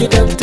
it up.